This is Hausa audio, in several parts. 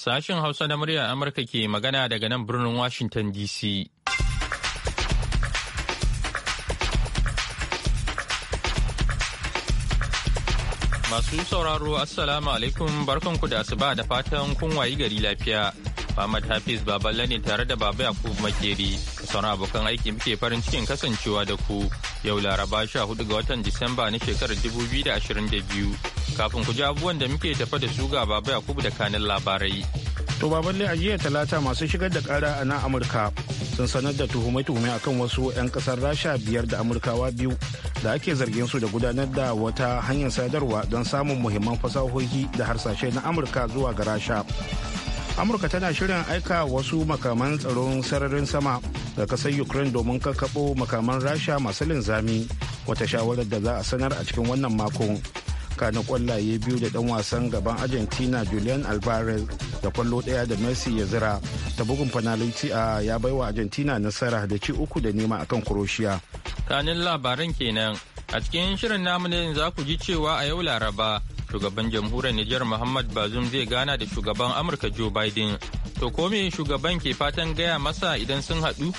Sashen Hausa na muryar Amurka ke magana daga nan birnin Washington DC. Masu sauraro Assalamu alaikum barkanku da asuba da fatan kun wayi gari lafiya. Muhammad Hafiz Baballe ne tare da Baba Yakub Makeri. Sauran abokan aiki muke farin cikin kasancewa da ku. Yau Laraba 14 ga watan Disamba na shekarar 2022. Kafin ku ji abubuwan da muke tafa da su ga Baba Yakubu da kanin labarai. To baballe a jiya talata masu shigar da kara a nan Amurka sun sanar da tuhume-tuhume akan wasu 'yan kasar Rasha biyar da Amurkawa biyu da ake zargin su da gudanar da wata hanyar sadarwa don samun muhimman fasahohi da harsashe na Amurka zuwa ga Rasha. Amurka tana shirin aika wasu makaman tsaron sararin sama da kasar Ukraine domin kakkaɓo makaman Rasha masu linzami wata shawarar da za a sanar a cikin wannan makon. na kwallaye biyu da dan wasan gaban argentina julian alvarez da kwallo daya da messi ya zira ta bugun fanalici a ya baiwa argentina nasara da ci uku da nema akan croatia kanin labaran kenan a cikin shirin namu ne za ku ji cewa a yau laraba shugaban jamhuriyar niger muhammad bazum zai gana da shugaban amurka joe biden to kome shugaban ke fatan gaya masa idan sun haɗu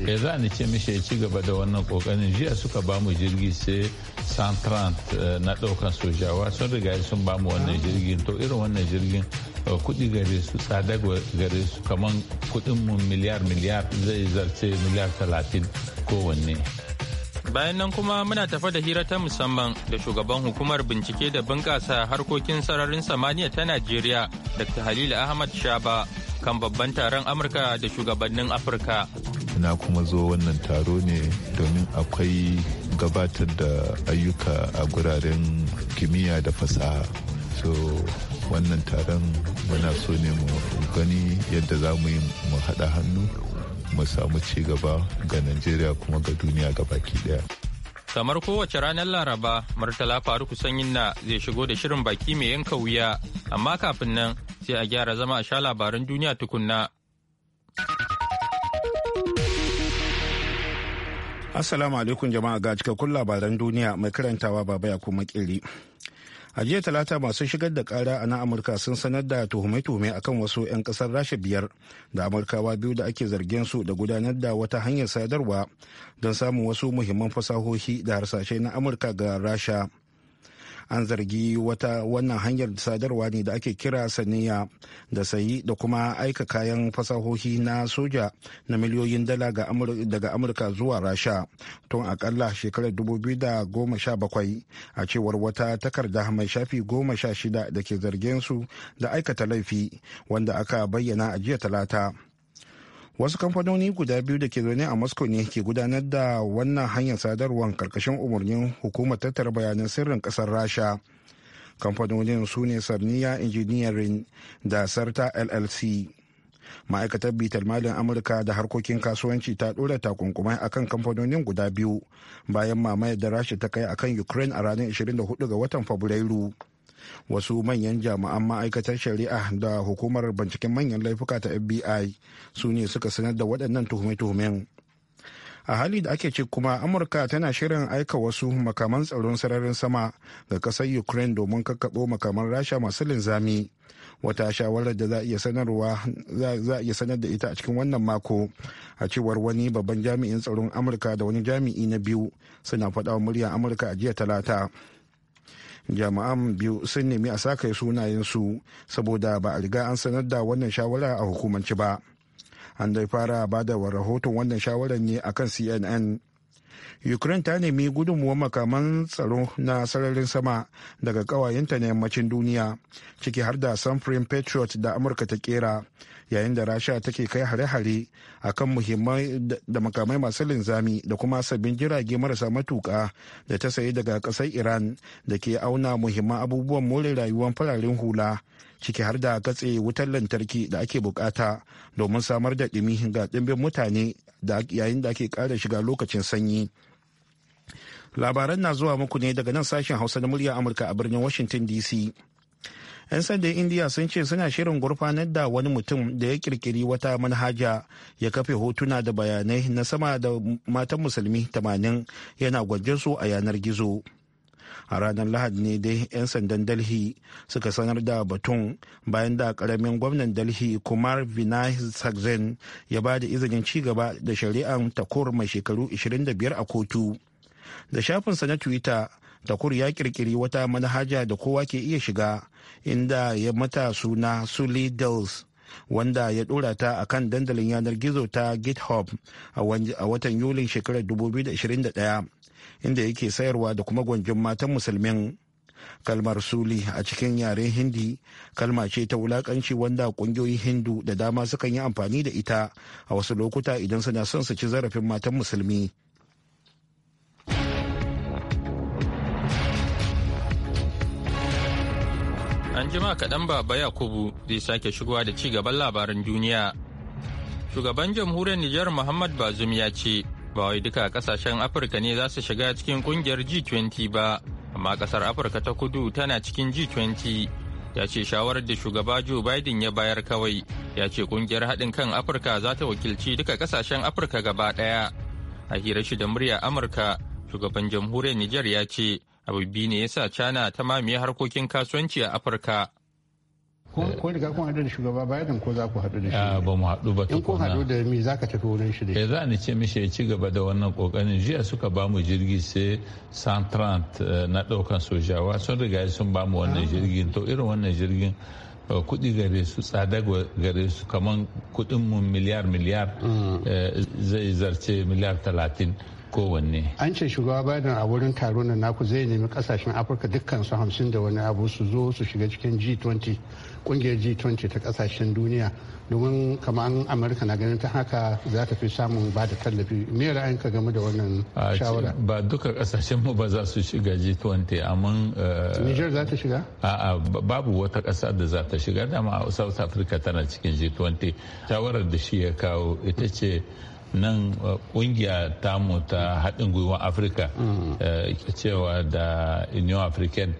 ya za ni ce mishi ya ci gaba da wannan kokarin jiya suka ba mu jirgi sai santrant eh, na daukan sojawa sun riga sun ba mu wannan jirgin to irin wannan jirgin eh, kudi gare su tsada gare su kamar kudin mu miliyar miliyar zai zarce miliyar talatin kowanne bayan nan kuma muna tafa da hira ta musamman da shugaban hukumar bincike da bunƙasa harkokin sararin samaniya ta najeriya dr halilu ahmad shaba kan babban taron amurka da shugabannin afirka na kuma zo wannan taro ne domin akwai gabatar da ayyuka a guraren kimiyya da fasaha so wannan taron muna so ne mu gani yadda za mu yi mu haɗa hannu mu samu ci gaba ga najeriya kuma ga duniya baki daya kamar kowace ranar laraba murtala faruku sanyin na zai shigo da shirin baki mai yanka wuya amma kafin nan sai a gyara zama a sha labaran duniya tukunna Assalamu alaikum jama'a ga cikakkun labaran duniya mai karantawa baba ya kuma kiri. A jiya talata masu shigar da kara a na Amurka sun sanar da tuhume-tuhume akan wasu 'yan kasar Rasha biyar da Amurkawa biyu da ake zargin su da gudanar da wata hanyar sadarwa don samun wasu muhimman fasahohi da harsashe na Amurka ga Rasha an zargi wata wannan hanyar sadarwa ne da ake kira saniya da sayi da kuma aika kayan fasahohi na soja na miliyoyin dala daga amurka zuwa rasha tun akalla shekarar 2017 a cewar wata takarda mai shafi goma 16 da ke zargin su da aikata laifi wanda aka bayyana a jiya talata wasu kamfanoni guda biyu da ke zaune a moscow ne ke gudanar da wannan hanyar sadarwar karkashin umarnin hukumar tattara bayanan sirrin kasar rasha kamfanonin su ne sarniya engineering da sarta llc ma'aikatar bitar malin amurka da harkokin kasuwanci ta ɗora takunkumai akan kamfanonin guda biyu bayan mamayar da rasha ta kai akan ukraine a ranar 24 ga watan fabrairu wasu manyan jami'an ma'aikatar shari'a da hukumar binciken manyan laifuka ta fbi su ne suka sanar da waɗannan tuhume-tuhumen a hali da ake ce kuma amurka tana shirin aika wasu makaman tsaron sararin sama ga kasar ukraine domin kakkaɓo makaman rasha masu linzami wata shawarar da za a iya sanar da ita a cikin wannan mako a cewar wani babban jami'in tsaron amurka da wani jami'i na biyu suna faɗa wa muryar amurka a jiya talata jami'an biyu sun nemi a saka su saboda ba a riga an sanar da wannan shawara a hukumanci ba an dai fara ba da rahoton wannan shawarar ne akan cnn ukraine ta nemi gudunmuwar makaman tsaro na sararin sama daga kawayenta na yammacin duniya ciki har da samfurin patriot da amurka ta kera yayin da rasha take kai hare-hare a kan muhimman da makamai masu linzami da kuma sabbin jirage marasa matuka da ta sayi daga kasar iran da ke auna muhimman abubuwan more rayuwar fararen hula ciki har da katse wutar lantarki da ake bukata domin samar da ɗumi ga ɗimbin mutane yayin da ake ƙara shiga lokacin sanyi labaran na zuwa muku ne daga nan sashen hausa na murya amurka a birnin washington dc 'yan sandan indiya sun ce suna shirin gurfanar da wani mutum da ya kirkiri wata manhaja ya kafe hotuna da bayanai na sama da matan musulmi tamanin yana gwajin su a yanar gizo a ranar lahadi ne dai 'yan sandan dalhi suka sanar da batun bayan da karamin gwamnan dalhi kumar vinay sakzen ya ba da izinin ci gaba da shari'ar takur mai shekaru 25 a kotu da shafinsa na twitter takur ya kirkiri wata manhaja da kowa ke iya shiga inda ya mata suna Sully Dills wanda ya dora ta a kan dandalin yanar gizo ta GitHub a watan Yulin shekarar 2021 inda yake sayarwa da kuma gwanjin matan musulmin. Kalmar Suli a cikin yaren Hindi kalma ce ta wulakanci wanda kungiyoyin Hindu da dama sukan yi amfani da ita a wasu lokuta idan suna son su ci zarafin matan musulmi. An jima kaɗan baba Yakubu zai sake shigowa da ci gaban labaran duniya. Shugaban jamhuriyar Nijar Muhammad Bazum ya ce, ba wai duka kasashen Afirka ne za su shiga cikin ƙungiyar G20 ba, amma ƙasar Afirka ta kudu tana cikin G20. Ya ce shawarar da shugaba Joe Biden ya bayar kawai, ya ce ƙungiyar haɗin kan Afirka za ta wakilci duka ƙasashen Afirka gaba ɗaya. A hirar shi da murya Amurka, shugaban jamhuriyar Nijar ya ce, abu biyu ne yasa china ta mamaye harkokin kasuwanci a afirka ko riga kun haɗu da shugaba Biden ko za ku haɗu da shi ah, ba mu haɗu ba in kun haɗu da mi za ka tafi wurin shi da eh, za ni ce mishi ya ci gaba da wannan kokarin jiya suka ba mu jirgi sai santrant eh, na ɗaukan sojawa sun riga sun ba mu wannan ah. jirgin to irin wannan jirgin eh, kuɗi gare su tsada gare su kaman kuɗin mu miliyar miliyar mm. zai zarce miliyar talatin kowanne. An ce shugaba Biden a wurin taron na naku zai nemi kasashen Afirka dukkan su hamsin da wani abu su zo su shiga cikin G20 kungiyar G20 ta kasashen duniya domin kamar Amurka na ganin ta haka za ta fi samun ba da tallafi. Me ra'ayinka game da wannan shawara? Ba duka kasashen mu ba za su shiga G20 amma. Eh, Niger za ta shiga? A'a babu wata kasa da za ta shiga dama South Africa tana cikin G20 shawarar da shi ya kawo ita ce nan kungiya uh, tamu ta haɗin gwiwa afirka mm. uh, cewa da union african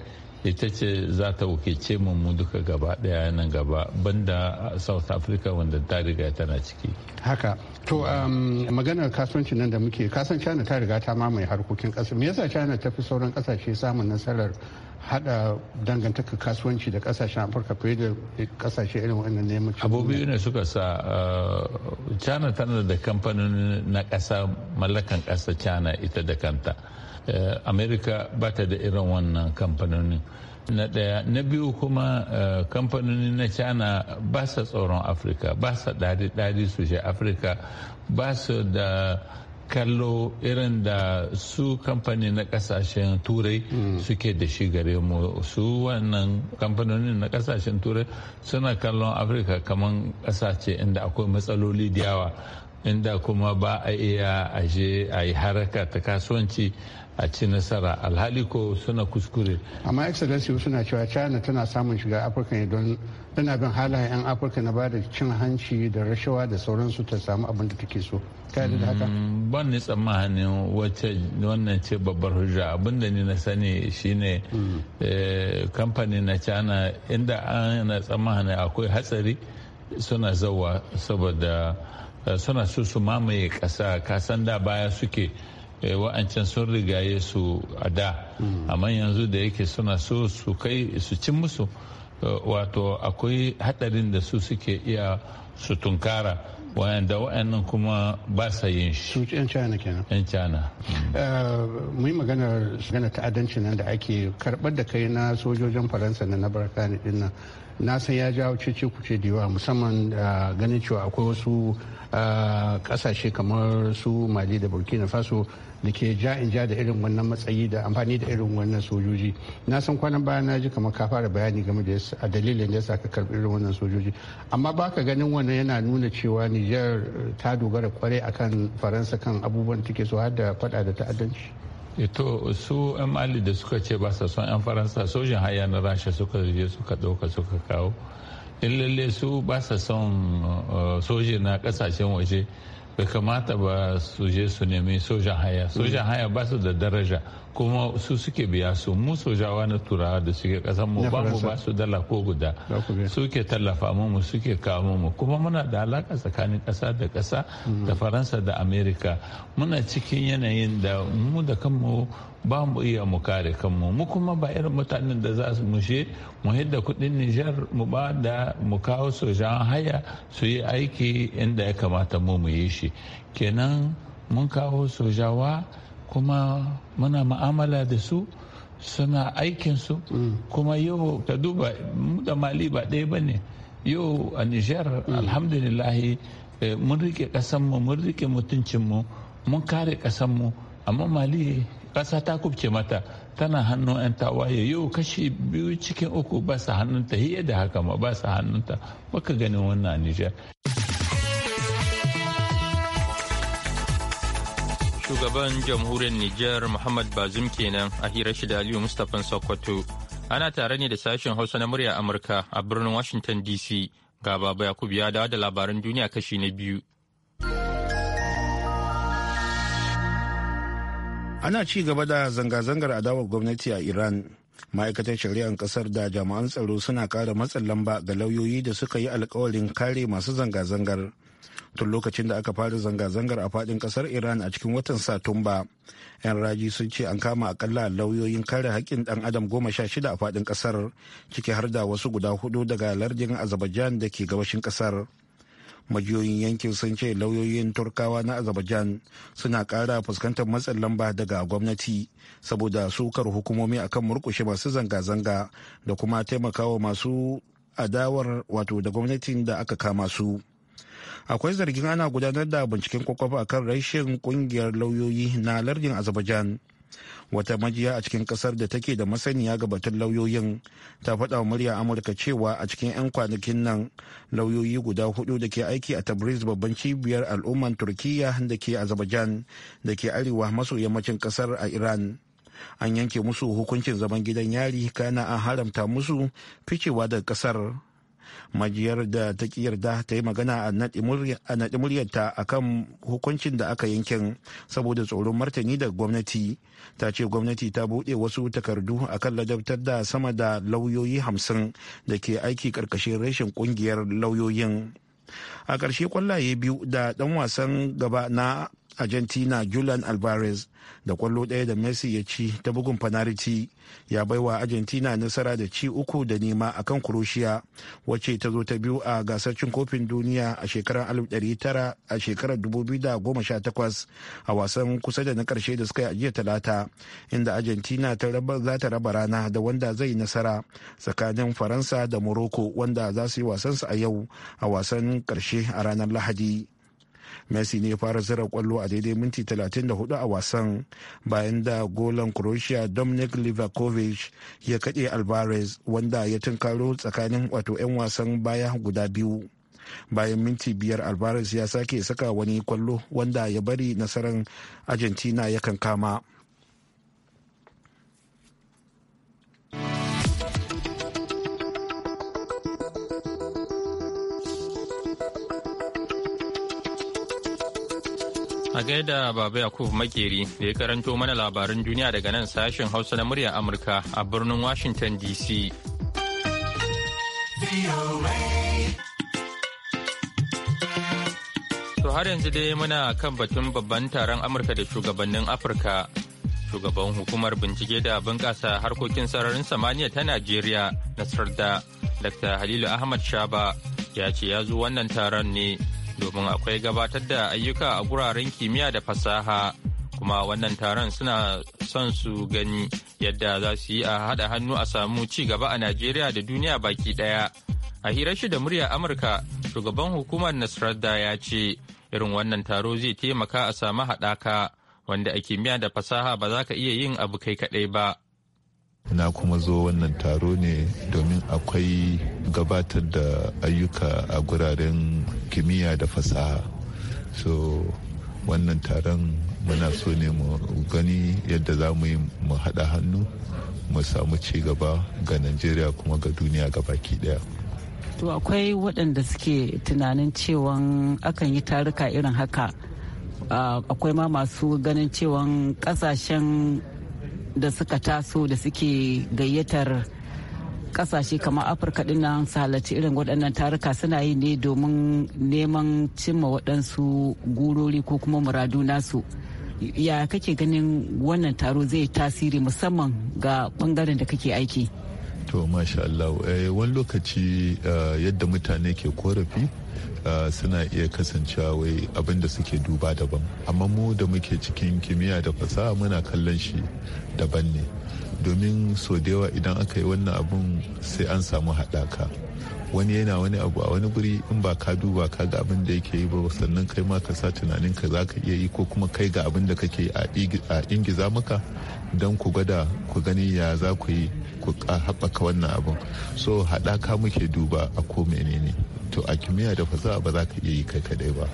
ita ce za ta wakilce mu mu duka gaba daya nan gaba banda south africa wanda ta riga tana ciki haka to um, maganar kasuwanci nan da muke kasan china ta riga ta mamaye harkokin kasa me yasa china ta fi sauran kasashe samun nasarar hada dangantaka kasuwanci da kasashen afirka fiye da kasashe irin wannan neman abubuwa ne suka sa uh, china tana da kamfanin na kasa mallakan kasa china ita da kanta Eh, america ba ta da irin wannan kamfanoni na daya na biyu kuma eh, kamfanoni na china ba sa tsoron afirka ba sa dadi-dadi su shi afirka ba su da kallo irin da su kamfani na kasashen turai hmm. suke da shi gare mu su wannan kamfanoni na kasashen turai suna kallon afirka kamar kasashe inda akwai matsaloli da yawa inda kuma ba a iya aje a yi haraka ta kasuwanci a ci nasara alhali ko suna kuskure amma excellency suna cewa china tana samun shiga afirka don tana bin halayen 'yan afirka na ba da cin hanci da rashawa da sauransu ta samu abin da take so ta da haka mm, ban ni tsammanin wacce wannan ce babbar hujja abin da ni na sani shine mm. eh, kamfani na china inda ana tsammanin akwai hatsari suna zawa saboda eh, suna so su mamaye kasa kasan da baya suke Eh, wa'ancan sun rigaye su a da amma yanzu da yake suna so su kai su cin musu eh, wato akwai hadarin da su suke iya su tunkara wayanda wayannan kuma ba sa yin shi su yan cana kenan yan cana mm. eh, mu yi maganar gana ta'addanci nan da ake karbar da kai na sojojin faransa na barkani din nan na san ya jawo cece kuce da yawa musamman ganin cewa akwai wasu kasashe kamar su mali da burkina faso da ke ja in ja da irin wannan matsayi da amfani da irin wannan sojoji na san kwanan baya na ji kamar ka fara bayani game da a dalilin da yasa ka karbi irin wannan sojoji amma baka ganin wannan yana nuna cewa Niger eh, ta dogara kwarai akan Faransa kan abubuwan take so har da fada da ta'addanci eh, to su 'yan mali da suka ce ba sa son 'yan faransa sojin haya na rasha suka je suka ɗauka suka kawo in lalle su ba sa son eh, sojin na kasashen waje bai kamata ba su je su nemi sojan haya sojan mm. haya ba su da daraja kuma su suke biya su mu sojawa na turawa da suke kasan mu ba mu ba su dala ko guda suke tallafa mu suke kawo mu kuma muna da alaka tsakanin kasa da kasa mm. da faransa da amerika muna cikin yanayin da mu da kanmu ba mu iya mu kare kanmu mu kuma ba irin mutanen da za su mushe mu hidda kudin nijar mu ba da mu kawo sojan haya su yi aiki inda ya kamata mu mu yi shi kenan mun kawo sojawa kuma muna ma'amala da su suna aikinsu mm. kuma yau ka duba da mali ba ɗaya ba ne yau a nijar mm. alhamdulillahi eh, mun rike ƙasanmu mun rike mutuncinmu mun kare ƙasanmu amma mali kasa ta kubce mata tana hannun 'yan tawaye yau kashi biyu cikin uku ba su hannunta hiye da haka ma ba su hannunta baka ganin wannan nijar shugaban jamhuriyar nijar muhammad bazum kenan a hirar shi da aliyu mustapha sokoto ana tare ne da sashen hausa na murya amurka a birnin washington dc ga baba yakubu ya dawo da labaran duniya kashi na biyu ana ci gaba da zanga-zangar adawar gwamnati a iran ma'aikatar shari'ar kasar da jami'an tsaro suna kara matsin lamba ga lauyoyi da suka yi alkawarin kare masu zanga-zangar tun lokacin da aka fara zanga-zangar a fadin kasar iran a cikin watan satumba yan raji sun ce an kama akalla lauyoyin kare haƙƙin ɗan adam goma sha shida a fadin kasar ciki har da wasu guda hudu daga lardin azerbaijan da ke gabashin kasar majiyoyin yankin sun ce lauyoyin turkawa na azerbaijan suna kara fuskantar matsin lamba daga gwamnati saboda sukar hukumomi akan murkushe masu zanga-zanga da kuma taimakawa masu adawar wato da gwamnatin da aka kama su akwai zargin ana gudanar da binciken kwakwafa akan rashin kungiyar lauyoyi na lardin azerbaijan wata majiya a cikin kasar da take da masaniya ga batun lauyoyin ta faɗa wa murya amurka cewa a cikin 'yan kwanakin nan lauyoyi guda hudu da ke aiki a tabriz babban cibiyar al'umman turkiya da ke azerbaijan da ke arewa maso yammacin kasar a iran an yanke musu hukuncin zaman gidan yari kana an haramta musu ficewa daga kasar majiyar da ta yarda ta yi magana a naɗi muryarta a kan hukuncin da aka yankin saboda tsoron martani daga gwamnati ta ce gwamnati ta buɗe wasu takardu a kan ladabtar da sama da lauyoyi hamsin da ke aiki ƙarƙashin rashin ƙungiyar lauyoyin a ƙarshe kwallaye biyu da ɗan wasan gaba na argentina julian alvarez da kwallo ɗaya da messi ya ci ta bugun fanariti ya baiwa argentina nasara da ci uku da nema kan croatia wacce ta zo ta biyu a gasar cin kofin duniya a shekarar 1900 a shekarar 2018 a wasan kusa da na karshe da suka yi a jiya talata inda argentina ta raba za ta raba rana da wanda zai yi nasara tsakanin faransa da morocco wanda za su yi wasansu a yau a wasan karshe a ranar lahadi messi ne ya fara zira kwallo a daidai minti 34 a wasan bayan da golan croatia dominic livakovic ya kade alvarez wanda ya tunkaro tsakanin wato 'yan wasan baya guda biyu bayan minti biyar alvarez ya sake saka wani kwallo wanda ya bari nasarar argentina ya kankama kama A gaida Baba Yakub Makeri da ya karanto mana labaran duniya daga nan sashen Hausa na murya Amurka a birnin Washington DC. To har yanzu dai muna kan batun babban taron Amurka da shugabannin Afirka. Shugaban hukumar bincike da bunƙasa harkokin sararin samaniya ta Najeriya, Nasarda, Dr. Halilu Ahmad Shaba, ya ce ya zo wannan taron ne domin akwai gabatar da ayyuka a guraren kimiyya da fasaha kuma wannan taron suna son su gani yadda za su yi a haɗa hannu a samu ci gaba a najeriya da duniya baki ɗaya a hirar shi da murya amurka shugaban hukumar nasrada ya ce irin wannan taro zai taimaka a samu haɗaka wanda a kimiyya da fasaha ba za ka iya yin abu kai kaɗai ba na kuma zo wannan taro ne domin akwai gabatar da ayyuka a guraren kimiyya da fasaha so wannan taron muna so ne mu gani yadda za mu yi mu haɗa hannu mu samu ci gaba ga najeriya kuma ga duniya ga baki daya to akwai waɗanda suke tunanin cewa akan yi taruka irin haka akwai ma masu ganin cewan ƙasashen da suka taso da suke gayyatar kasashe kamar afirka din nan su halarci irin waɗannan taruka suna yi ne domin neman cimma waɗansu gurori ko kuma muradu nasu ya kake ganin wannan taro zai tasiri musamman ga ɓangaren da kake aiki to masha Allah eh, wani lokaci eh, yadda mutane ke korafi eh, suna iya kasancewa wai abin da suke duba daban amma mu da muke cikin kimiyya da fasaha muna kallon shi daban ne domin so da yawa idan aka yi wannan abun sai an samu haɗaka wani yana wani abu a wani guri in ba ka duba ka ga abin da yake yi ba sannan kai ma ka sa tunanin ka za ka iya yi ko kuma kai ga abin da kake a ingiza maka don ku gwada ku gani ya za ku yi ku haɓaka wannan abun so haɗaka muke duba a ko menene to a kimiyya da fasaha ba za ka iya yi kai kadai ba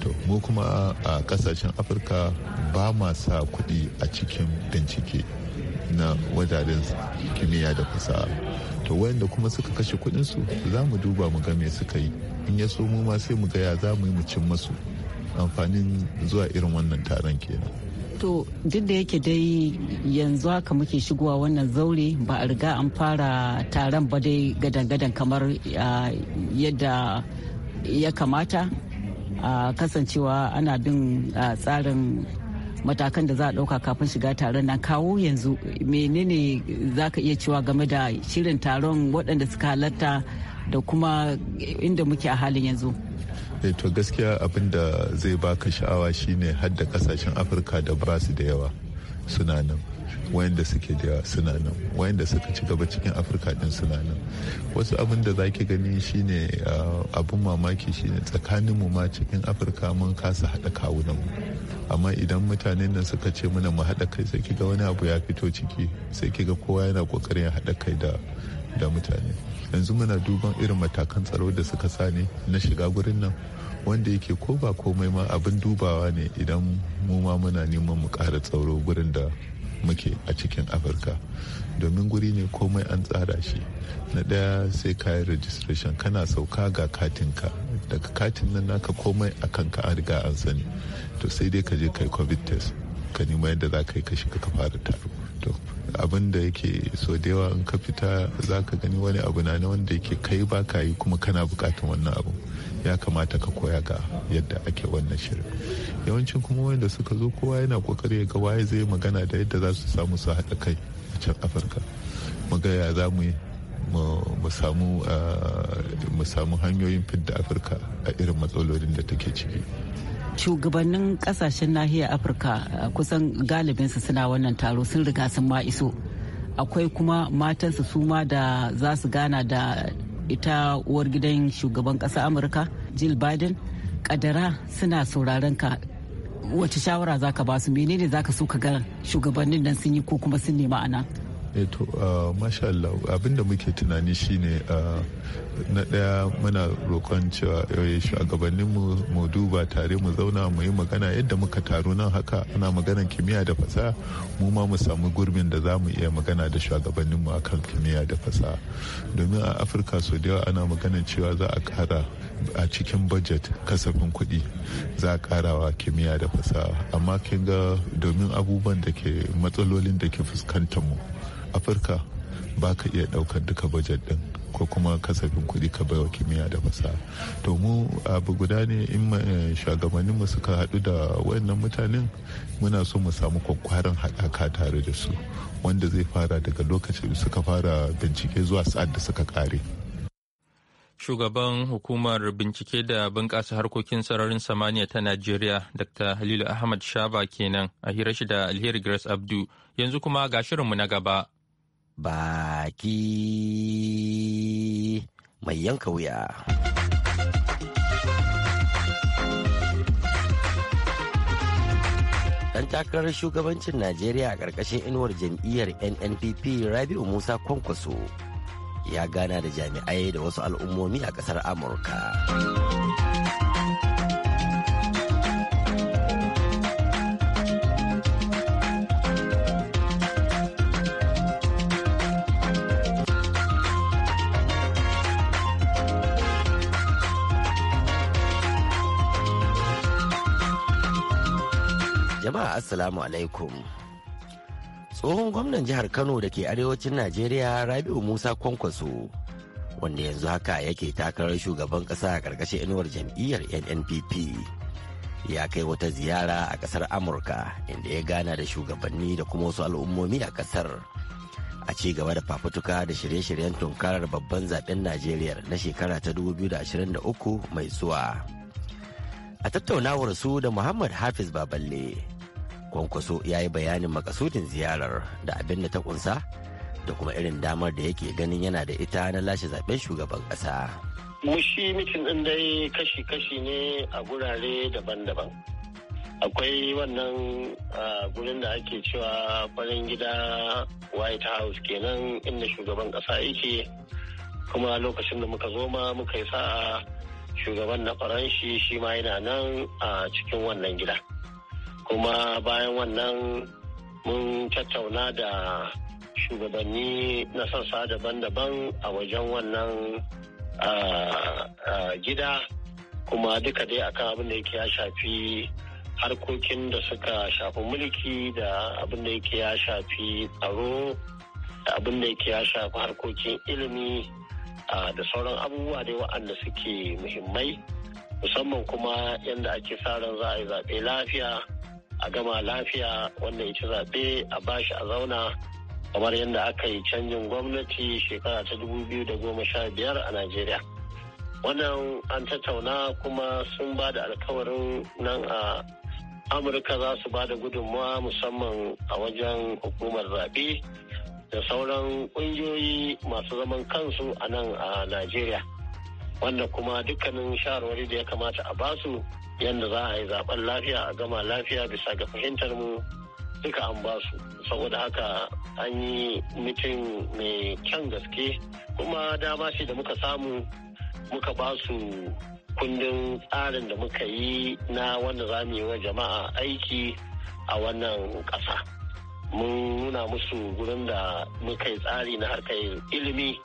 to mu kuma a kasashen afirka ba ma sa kuɗi a cikin bincike na wajajen kimiyya da fasaha to wayanda kuma suka kashe kudinsu za mu duba mu ga me suka yi in ya so mu ma sai mu gaya ya za mu yi mu cin masu amfanin zuwa irin wannan taron kenan to duk da yake dai yanzu haka muke shigowa wannan zaure ba a riga an fara taron ba dai gadan-gadan kamar yadda ya kamata kasancewa ana bin tsarin matakan da za a ɗauka kafin shiga taron na kawo yanzu menene za ka iya cewa game da shirin taron waɗanda suka halatta da kuma inda muke a halin yanzu eh, to gaskiya abin da zai baka sha'awa shine hadda kasashen afirka da ba su da yawa suna nan wayanda suke da suna nan wayanda suka ci gaba cikin afirka din suna nan wasu abin da zaki gani shine ah, abin mamaki shine mu ma cikin afirka mun kasa haɗa kawunanmu amma idan mutanen nan suka ce mana mu haɗa kai sai kiga wani abu ya fito ciki sai kiga kowa yana kokarin ya haɗa kai da da mutane yanzu muna duban irin matakan tsaro da suka sani na shiga gurin nan wanda yake ko ba komai ma abin dubawa ne idan mu ma muna neman mu ƙara tsaro gurin da muke a cikin afirka domin guri ne komai an tsara shi na ɗaya sai kayan registration kana sauka ga katinka daga katin nan naka komai a kanka an riga an sani to sai dai ka je kai covid test ka nima yadda za ka yi ka shiga ka fara taro to abin da yake so da yawa in ka fita za ka gani wani abu na wanda yake kai ba ka yi kuma kana bukatan wannan abu ya kamata ka koya ga yadda ake wannan shirin yawancin kuma wanda suka zo kowa yana kokari ga waye zai magana da yadda za su samu su haɗa kai a can afirka muga ya za mu yi ah, mu samu hanyoyin fidda afirka a irin matsalolin da take ciki shugabannin kasashen nahiyar afirka ah, kusan galibinsu suna wannan taro sun riga sun ma iso akwai kuma matansu su ma da za su gana da ita uwar gidan shugaban ƙasa amurka jill biden kadara suna sauraron ka wace shawara za ka basu menene za ka so ka ga shugabannin nan sun yi ko kuma sun nema ana Eh to ah, masha Allah abinda muke tunani shine ah, na ɗaya muna roƙon cewa eh, shugabanninmu mu duba tare mu zauna mu yi magana yadda muka taru nan haka ana maganar kimiyya da fasaha mu ma mu samu gurbin da za mu iya magana da shugabanninmu akan kimiyya da fasaha domin a afirka so da yawa ana maganar cewa za a kara a cikin budget kasafin kuɗi za a karawa kimiyya da fasaha amma kin ga domin abubuwan da ke matsalolin da ke fuskantar mu afirka ba ka iya daukar duka bajet din ko kuma kasafin kuɗi ka baiwa kimiyya da fasaha to mu abu guda ne in eh, shugabannin mu suka haɗu da wayannan mutanen muna so mu samu kwakwaran haɗaka tare da su wanda zai fara daga lokacin da suka fara bincike zuwa sa'ad da suka kare. shugaban hukumar bincike da bunƙasa harkokin sararin samaniya ta najeriya dr halilu ahmad shaba kenan a hira shi da alheri grace abdu yanzu kuma ga shirinmu na gaba baki mai yanka wuya. Ɗan takarar shugabancin Najeriya a ƙarƙashin inuwar jam'iyyar NNPP Rabi'u Musa Kwankwaso ya gana da jami'ai da wasu al'ummomi a ƙasar Amurka. jama'a assalamu alaikum tsohon gwamnan jihar kano da ke arewacin najeriya rabiu musa kwankwaso wanda yanzu haka yake takarar shugaban kasa a ƙarƙashin inuwar jam'iyyar nnpp ya kai wata ziyara a ƙasar amurka inda ya gana da shugabanni da kuma wasu al'ummomi a ƙasar a cigaba da fafutuka da shirye-shiryen tunkarar babban zaben najeriya na shekara ta 2023 mai zuwa a tattaunawar su da muhammad hafiz baballe kwankwaso ya yi bayanin makasudin ziyarar da abin da ta kunsa da kuma irin damar da yake ganin yana da ita na lashe zaben shugaban ƙasa. mushi mitin din dai kashi-kashi ne a gurare daban-daban akwai wannan gurin da ake cewa farin gida white house kenan inda shugaban kasa yake kuma lokacin da muka zo ma muka yi sa'a shugaban na faranshi shi ma yana nan a cikin wannan gida kuma bayan wannan mun tattauna da shugabanni na sassa daban-daban a wajen wannan gida kuma duka dai akan abin da yake ya shafi harkokin da suka shafi mulki da abin da yake ya shafi tsaro da abin da yake ya shafi harkokin ilimi da sauran abubuwa dai waɗanda suke muhimmai musamman kuma yadda ake sa ran za a yi zaɓe lafiya a gama lafiya wanda ita zaɓe a ba shi a zauna kamar yadda aka yi canjin gwamnati shekara ta dubu biyu da goma sha biyar a Najeriya. Wannan an tattauna kuma sun ba da alkawarin nan a Amurka za su ba da gudunmawa musamman a wajen hukumar zaɓe da sauran ƙungiyoyi masu zaman kansu a nan a Najeriya. wanda kuma dukkanin shawarwari da ya kamata a basu yadda za a yi zaben lafiya a gama lafiya bisa ga fahimtar mu duka an basu saboda haka an yi mitin mai kyan gaske kuma dama ce da muka samu muka basu kundin tsarin da muka yi na wanda za mu yi wa jama'a aiki a wannan ƙasa. mun nuna musu gurin da muka yi tsari na harkar ilimi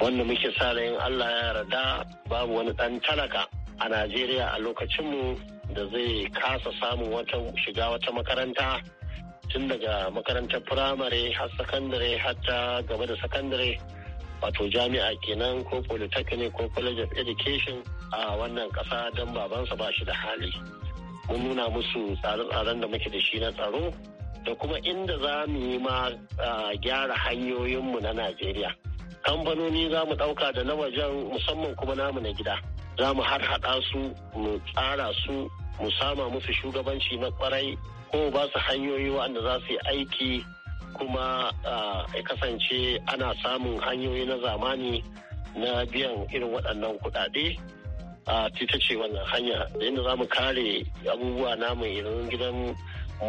wanda muke sa da yin Allah ya yarda babu wani ɗan talaka a Najeriya a lokacinmu da zai kasa samun wata shiga wata makaranta tun daga makarantar firamare har sakandare hatta gaba da sakandare wato jami'a kenan ko polytechnic ko college of education a wannan kasa don babansa ba shi da hali mun nuna musu tsare-tsaren da muke da shi na tsaro da kuma inda za mu yi ma gyara hanyoyinmu na najeriya kamfanoni za mu ɗauka da na wajen musamman kuma namu na gida za mu harhaɗa su mu tsara su mu sama musu shugabanci na kwarai ko ba su hanyoyi waɗanda za su yi aiki kuma ah, ya kasance ana samun hanyoyi na zamani na biyan irin waɗannan kuɗaɗe ah, a tita ce wannan hanya da yadda za mu kare abubuwa namu irin gidan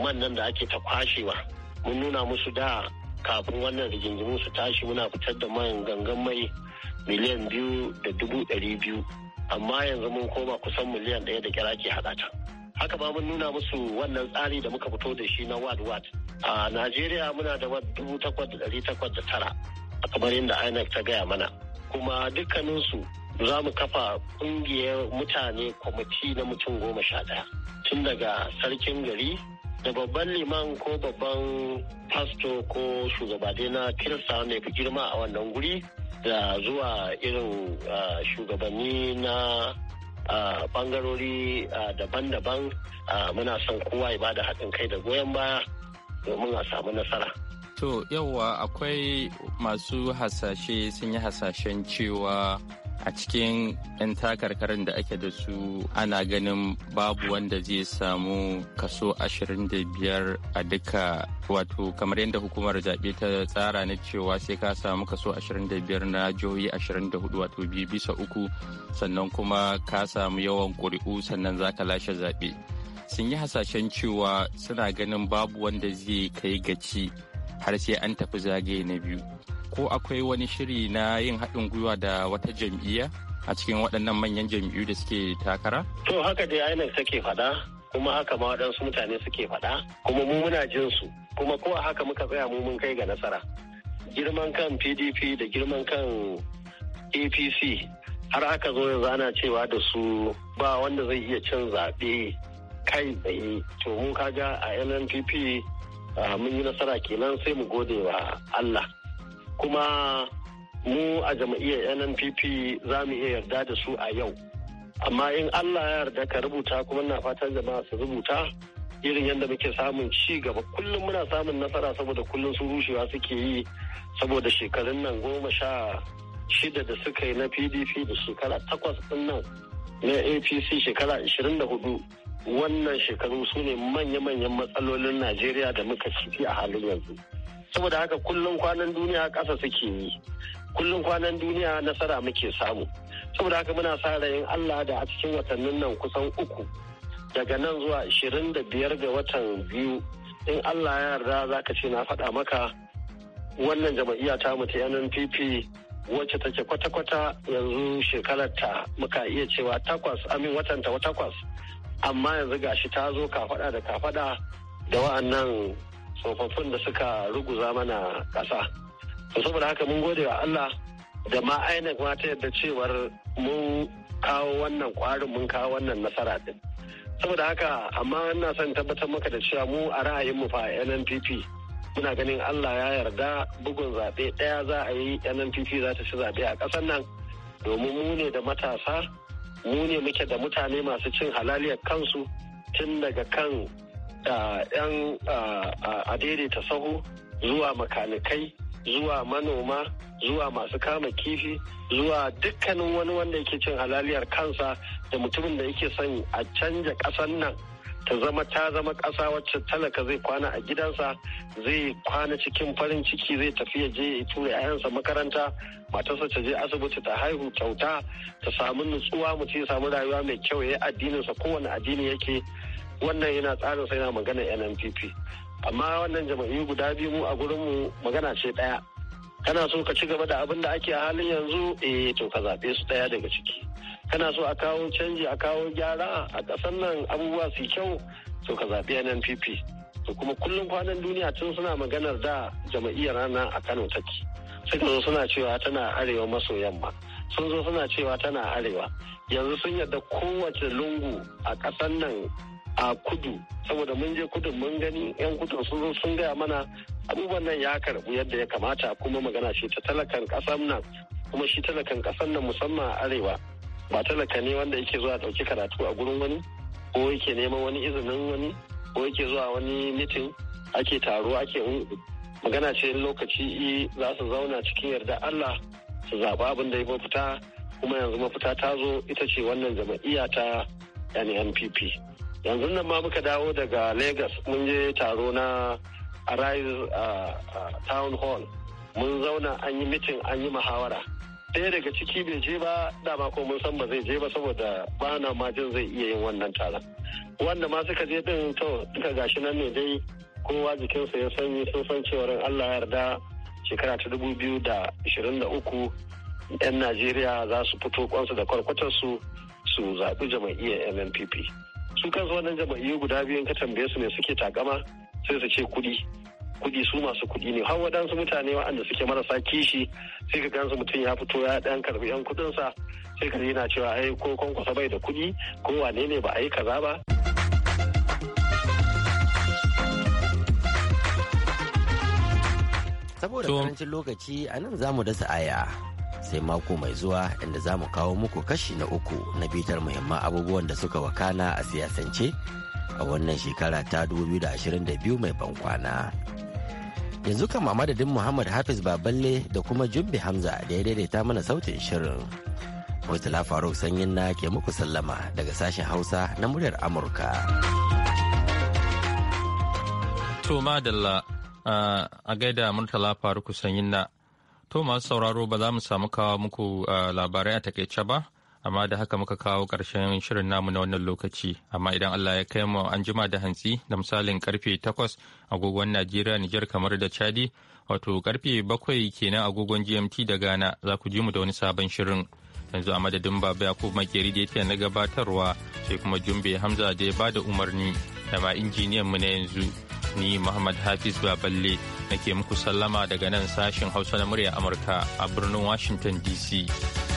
man nan da ake ta kwashewa mun nuna musu da kafin wannan rigingimu su tashi muna fitar da man gangan mai miliyan biyu da dubu ɗari biyu amma yanzu mun koma kusan miliyan ɗaya da kira ke haɗa haka ba mun nuna musu wannan tsari da muka fito da shi na wad wad a najeriya muna da wad dubu takwas da ɗari takwas da tara A kamar yadda inec ta gaya mana kuma dukkaninsu za mu kafa ƙungiyar mutane kwamiti na mutum goma sha ɗaya tun daga sarkin gari da babban liman ko babban pasto ko shugaba dai na kirista wanda fi girma a wannan guri da zuwa irin shugabanni na bangarori daban-daban muna son kowa ya bada haɗin kai da goyon baya domin a samu nasara. To yauwa akwai masu hasashe sun yi hasashen cewa a cikin 'yan takarkarin da ake da su ana ganin babu wanda zai samu kaso 25 a duka wato kamar yadda hukumar zaɓe ta tsara na cewa sai ka samu kaso 25 na jihohi 24 wato biyu bisa uku sannan kuma ka samu yawan ƙuri'u sannan za ka lashe zaɓe sun yi hasashen cewa suna ganin babu wanda zai kai gaci har sai an tafi zagaye na biyu ko akwai wani shiri na yin haɗin gwiwa da wata jam'iyya a cikin waɗannan manyan jam'iyyu da suke takara? To haka dai INEC take faɗa kuma haka ma waɗansu mutane suke faɗa kuma mu muna jin su kuma ko haka muka tsaya mu mun kai ga nasara. Girman kan PDP da girman kan APC har aka zo yanzu ana cewa da su ba wanda zai iya cin zaɓe kai tsaye to mun kaga a NNPP mun yi nasara kenan sai mu gode wa Allah. kuma mu a jam'iyyar nnpp za mu iya yarda da su a yau amma in allah ya yarda ka rubuta kuma na fatan jama'a su rubuta irin yadda muke samun ci gaba kullum muna samun nasara saboda kullum su rushewa suke yi saboda shekarun nan goma sha shida da suka yi na pdp da shekara takwas din nan na apc shekara ashirin da hudu wannan shekaru su ne manya-manyan matsalolin najeriya da muka ciki a halin yanzu saboda haka kullum kwanan duniya kasa suke yi kullum kwanan duniya nasara muke samu saboda haka muna sa rayin allah da a cikin watannin nan kusan uku daga nan zuwa ashirin da biyar ga watan biyu in allah ya yarda za ka ce na faɗa maka wannan jama'iyya ta mu ta nnpp wacce take kwata-kwata yanzu shekarar ta muka iya cewa takwas amin watanta takwas amma yanzu gashi ta zo kafaɗa da kafaɗa da wa'annan tsofaffin da suka ruguza mana ƙasa to saboda haka mun gode wa Allah da ma INEC ma ta yadda cewar mun kawo wannan ƙwarin mun kawo wannan nasara din saboda haka amma ina son tabbatar maka da cewa mu a mu fa NNPP muna ganin Allah ya yarda bugun zaɓe ɗaya za a yi NNPP za ta ci zaɓe a ƙasar nan domin mu ne da matasa mu ne muke da mutane masu cin halaliyar kansu tun daga kan Uh, 'yan uh, a daidaita sahu zuwa makanikai zuwa manoma zuwa masu kama kifi zuwa dukkanin wani wanda yake cin halaliyar kansa da mutumin da yake son a canja ƙasan nan ta zama ta zama ƙasa wacce talaka zai kwana a gidansa zai kwana cikin farin ciki zai tafi ya je ya tura 'ya'yansa makaranta matarsa ta je asibiti ta haihu kyauta ta samu nutsuwa mutum ya samu rayuwa mai kyau ya yi addininsa kowane addini yake wannan yana tsarin sai na magana NNPP amma wannan jama'i guda biyu mu a gurin mu magana ce daya kana so ka ci gaba da abin da ake a halin yanzu eh to ka zaɓe su daya daga ciki kana so a kawo canji a kawo gyara a ƙasar nan abubuwa su kyau to ka zaɓi NNPP to kuma kullum kwanan duniya tun suna maganar da jama'iyyar rana a Kano take suka zo suna cewa tana arewa maso yamma sun zo suna cewa tana arewa yanzu sun yarda kowace lungu a ƙasar nan a kudu saboda mun je kudu mun gani yan kudu sun zo sun gaya mana abubuwan nan ya karbu yadda ya kamata kuma magana ce ta talakan kasan nan kuma shi talakan kasan nan musamman a arewa ba talaka ne wanda yake zuwa dauki karatu a gurin wani ko yake neman wani izinin wani ko yake zuwa wani mitin ake taro ake magana ce lokaci za su zauna cikin yarda Allah su zaba abin da ya mafita kuma yanzu mafita ta zo ita ce wannan jama'iyya ta yani NPP. yanzu nan ma muka dawo daga lagos mun je taro na arise town hall mun zauna an yi mitin an yi muhawara daya daga ciki bai je ba dama ko mun san ba zai je ba saboda ba na ma zai iya yin wannan taron wanda ma suka je din to duka gashi nan ne dai kowa jikinsa ya sanyi sun san cewar allah yarda shekara ta dubu biyu da ashirin da uku 'yan najeriya za su fito kwansu da kwarkwatarsu su zaɓi jama'iyyar nnpp su kansu wannan jama'iyyu guda biyu ka tambaye su ne suke takama sai su ce kuɗi kuɗi su masu kuɗi ne har waɗansu mutane waɗanda suke marasa kishi sai ka gansu mutum ya fito ya ɗan karɓi 'yan kuɗinsa sai ka yana cewa ai ko kwankwasa bai da kuɗi ko wane ne ba a yi kaza ba. saboda karancin lokaci a nan za mu dasa aya sai mako mai zuwa inda za mu kawo muku kashi na uku na bitar muhimman abubuwan da suka wakana a siyasance a wannan shekara ta 2022 mai bankwana. Yanzu kama madadin Muhammad Hafiz Baballe da kuma Jumbi Hamza da ya daidaita mana sautin shirin. Murtala Faruk Sanyin na ke muku sallama daga sashen Hausa na muryar Amurka. To madalla a gaida Murtala Faruk Sanyin na To masu sauraro ba za mu samu kawo muku labarai a takaice ba, amma da haka muka kawo ƙarshen shirin namu na wannan lokaci. Amma idan Allah ya kai mu an jima da hantsi da misalin karfe takwas agogon Najeriya Nijar kamar da Chadi, wato karfe bakwai kenan agogon GMT da Ghana za ku ji mu da wani sabon shirin. Yanzu a madadin Baba ko Makeri da yake na gabatarwa sai kuma Jumbe Hamza da ya ba da umarni da ma injiniyan mu na yanzu. Ni Muhammad Hafiz Baballe nake muku sallama daga nan sashin Hausa na murya Amurka a birnin Washington DC.